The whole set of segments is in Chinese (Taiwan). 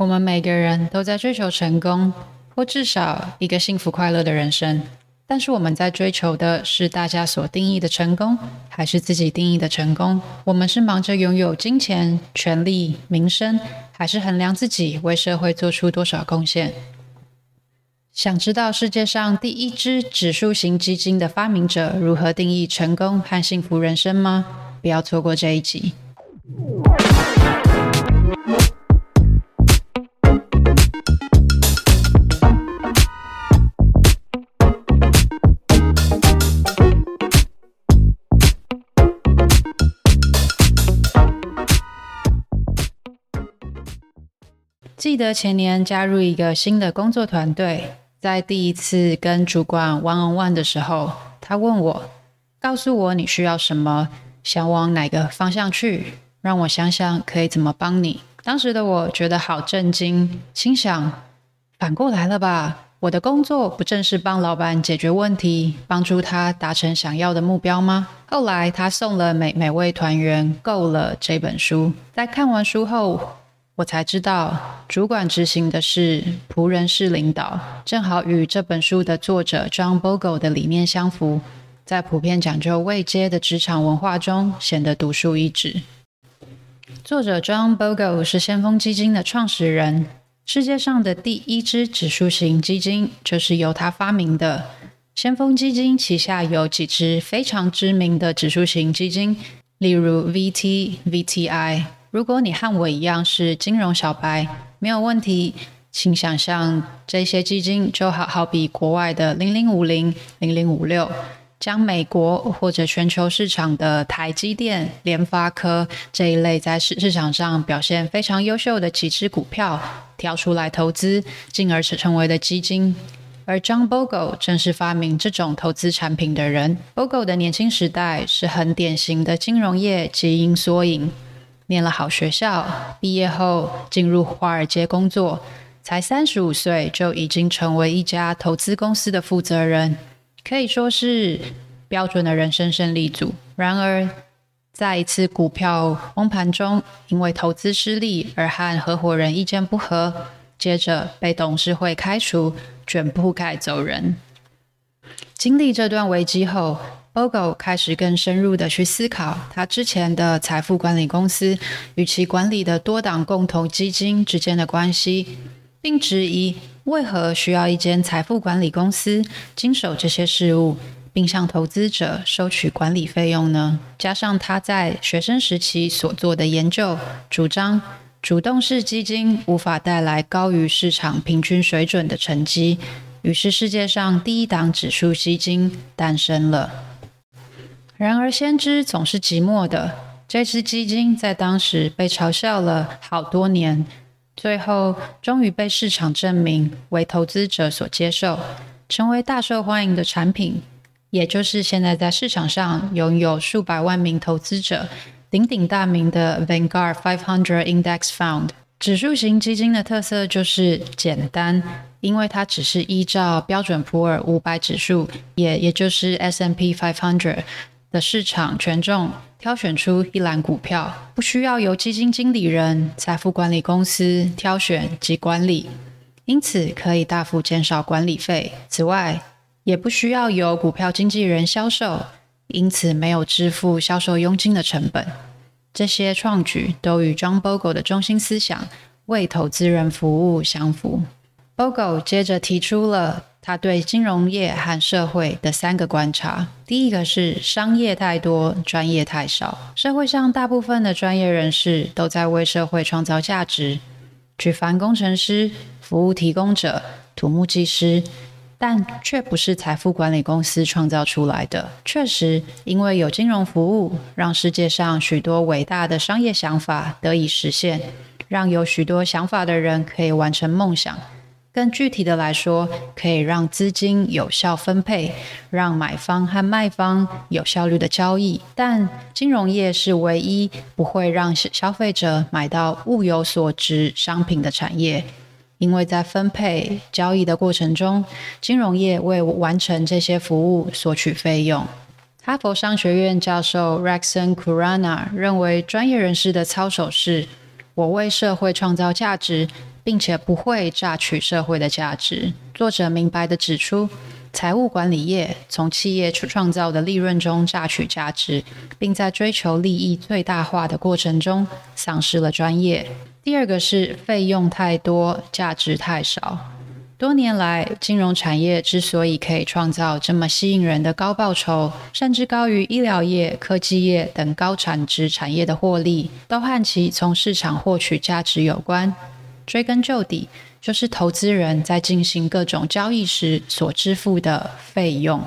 我們每個人都在追求成功，或至少一個幸福快樂的人生。但是我們在追求的是大家所定義的成功，還是自己定義的成功？我們是忙着擁有金錢、權力、名聲，還是衡量自己為社會做出多少貢獻？想知道世界上第一支指數型基金的發明者如何定義成功和幸福人生嗎？不要錯過這一集。記得前年加入一個新的工作團隊，在第一次跟主管玩玩 e 的時候，他問我：“告訴我你需要什麼，想往哪個方向去，讓我想想可以怎麼幫你。”當時的我覺得好震驚，心想：反過來了吧？我的工作不正是幫老板解決問題，幫助他達成想要的目標嗎？後來他送了每每位團員《夠了》這本書，在看完書後，我才知道，主管執行的是僕人式領導，正好與這本書的作者 John Bogle 的理念相符，在普遍講究位階的職場文化中顯得獨樹一幟。作者 John Bogle 是先鋒基金的創始人，世界上的第一支指數型基金就是由他發明的。先鋒基金旗下有幾支非常知名的指數型基金，例如 VT、VTI。如果你和我一樣是金融小白，沒有問題，請想象這些基金就好，好比國外的零零五零、零零五六，將美國或者全球市場的台積電、聯發科這一類在市市場上表現非常優秀的幾只股票挑出來投資，進而成為的基金。而 John Bogle 正是發明這種投資產品的人。Bogle 的年輕時代是很典型的金融業基因縮影。念了好學校，畢業後進入華爾街工作，才三十五歲就已經成為一家投資公司的負責人，可以說是標準的人生勝利組。然而，在一次股票崩盤中，因為投資失利而和合夥人意見不合，接着被董事會開除，捲鋪蓋走人。經歷這段危機後，Bogle 開始更深入地去思考他之前的財富管理公司與其管理的多檔共同基金之間的關係，並質疑為何需要一間財富管理公司經手這些事務，並向投資者收取管理費用呢？加上他在學生時期所做的研究，主張主動式基金無法帶來高於市場平均水準的成績，於是世界上第一檔指數基金誕生了。然而，先知總是寂寞的。這支基金在當時被嘲笑了好多年，最後終於被市場證明為投資者所接受，成為大受歡迎的產品，也就是現在在市場上擁有數百萬名投資者鼎鼎大名的 Vanguard 500 Index Fund。指數型基金的特色就是簡單，因為它只是依照標準普爾五百指數，也也就是 S&P 500。的市場權重挑選出一籃股票，不需要由基金經理人、財富管理公司挑選及管理，因此可以大幅減少管理費。此外，也不需要由股票經紀人銷售，因此沒有支付銷售佣金的成本。這些創舉都與 John Bogle 的中心思想——為投資人服務——相符。Bogle 接着提出了他對金融業和社會的三個觀察。第一個是商業太多，專業太少。社會上大部分的專業人士都在為社會創造價值，舉凡工程師、服務提供者、土木技師，但卻不是財富管理公司創造出來的。確實，因為有金融服務，讓世界上許多偉大的商業想法得以實現，讓有許多想法的人可以完成夢想。更具體的來說，可以讓資金有效分配，讓買方和賣方有效率的交易。但金融業是唯一不會讓消費者買到物有所值商品的產業，因為在分配交易的過程中，金融業為完成這些服務索取費用。哈佛商學院教授 Rakesh Khurana 認為，專業人士的操守是我為社會創造價值。並且不會榨取社會的價值。作者明白地指出，財務管理業從企業創造的利潤中榨取價值，並在追求利益最大化的過程中喪失了專業。第二個是費用太多，價值太少。多年來，金融產業之所以可以創造這麼吸引人的高報酬，甚至高於醫療業、科技業等高產值產業的獲利，都和其從市場獲取價值有關。追根究底，就是投資人在進行各種交易時所支付的費用。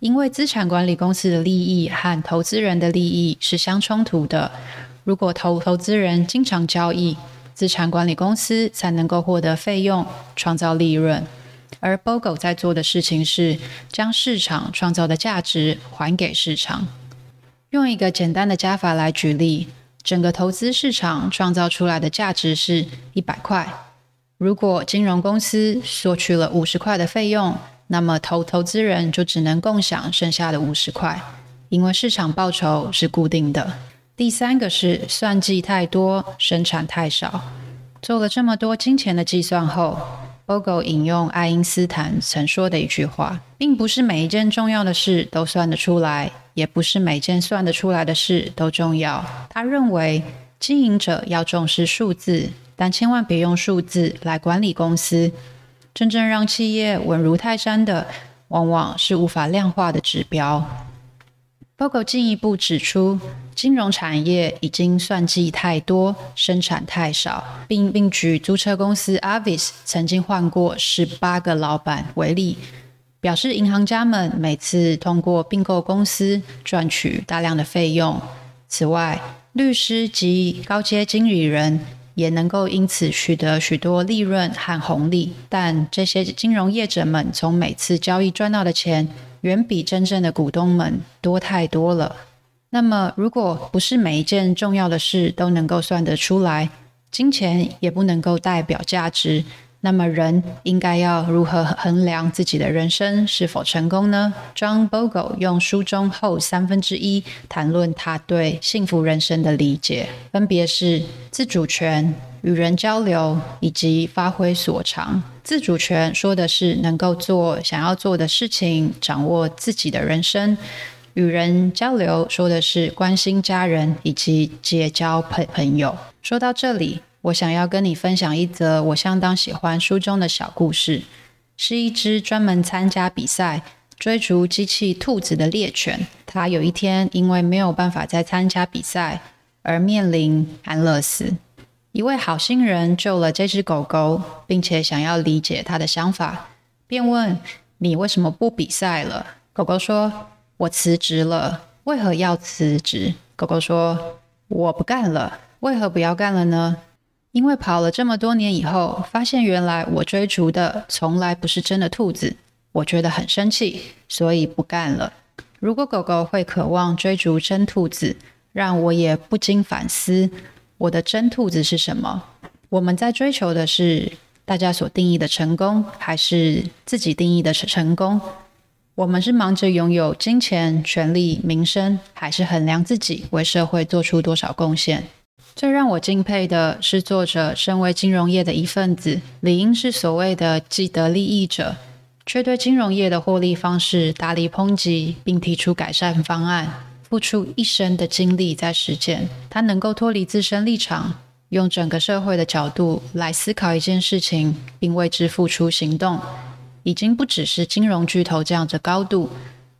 因為資產管理公司的利益和投資人的利益是相衝突的。如果投投資人經常交易，資產管理公司才能夠獲得費用，創造利潤。而 Bogle 在做的事情是將市場創造的價值還給市場。用一個簡單的加法來舉例。整個投資市場創造出來的價值是一百塊，如果金融公司索取了五十塊的費用，那麼投投資人就只能共享剩下的五十塊，因為市場報酬是固定的。第三個是算計太多，生產太少。做了這麼多金錢的計算後。Bogle 引用愛因斯坦曾說的一句話：“並不是每一件重要的事都算得出來，也不是每件算得出來的事都重要。”他認為，經營者要重視數字，但千萬別用數字來管理公司。真正讓企業穩如泰山的，往往是無法量化的指標。Coco 進一步指出，金融產業已經算計太多，生產太少，並並舉租車公司 Avis 曾經換過十八個老板為例，表示銀行家們每次通過併購公司賺取大量的費用。此外，律師及高階經理人也能夠因此取得許多利潤和紅利，但這些金融業者們從每次交易賺到的錢。遠比真正的股東們多太多了。那麼，如果不是每一件重要的事都能夠算得出來，金錢也不能夠代表價值，那麼，人應該要如何衡量自己的人生是否成功呢？John Bogle 用書中後三分之一談論他對幸福人生的理解，分別是自主權。與人交流以及發揮所長。自主權說的是能夠做想要做的事情，掌握自己的人生。與人交流說的是關心家人以及結交朋朋友。說到這裡，我想要跟你分享一則我相當喜歡書中的小故事，是一隻專門參加比賽追逐機器兔子的獵犬。它有一天因為沒有辦法再參加比賽而面臨安樂死。一位好心人救了這隻狗狗，並且想要理解它的想法，便問：“你為什麼不比賽了？”狗狗說：“我辭職了。”為何要辭職？狗狗說：“我不幹了。”為何不要幹了呢？因為跑了這麼多年以後，發現原來我追逐的從來不是真的兔子，我覺得很生氣，所以不幹了。如果狗狗會渴望追逐真兔子，讓我也不禁反思。我的真兔子是什麼？我們在追求的是大家所定義的成功，還是自己定義的成成功？我們是忙着擁有金錢、權力、名聲，還是衡量自己為社會做出多少貢獻？最讓我敬佩的是，作者身為金融業的一份子，理應是所謂的既得利益者，卻對金融業的獲利方式大力抨擊，並提出改善方案。付出一生的精力，在實踐，他能夠脫離自身立場，用整個社會的角度來思考一件事情，並為之付出行動，已經不只是金融巨頭這樣的高度，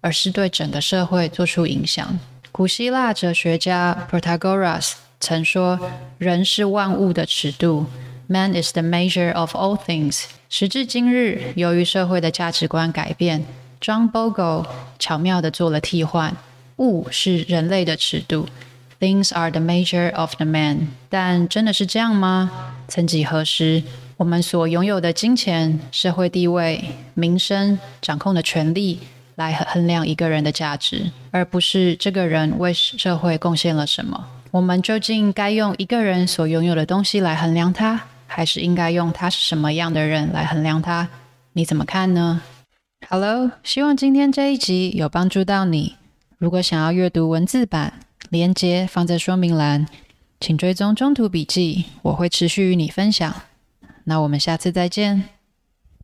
而是對整個社會做出影響。古希臘哲學家 Protagoras 曾說：“人是萬物的尺度。”Man is the measure of all things。時至今日，由於社會的價值觀改變，John Bogle 巧妙地做了替換。物是人類的尺度，Things are the measure of the man。但真的是這樣嗎？曾幾何時，我們所擁有的金錢、社會地位、名聲、掌控的權力，來衡量一個人的價值，而不是這個人為社會貢獻了什麼。我們究竟該用一個人所擁有的東西來衡量他，還是應該用他是什麼樣的人來衡量他？你怎麼看呢？Hello，希望今天這一集有幫助到你。如果想要閱讀文字版，連結放在說明欄，請追蹤中途筆記，我會持續與你分享。那我們下次再見。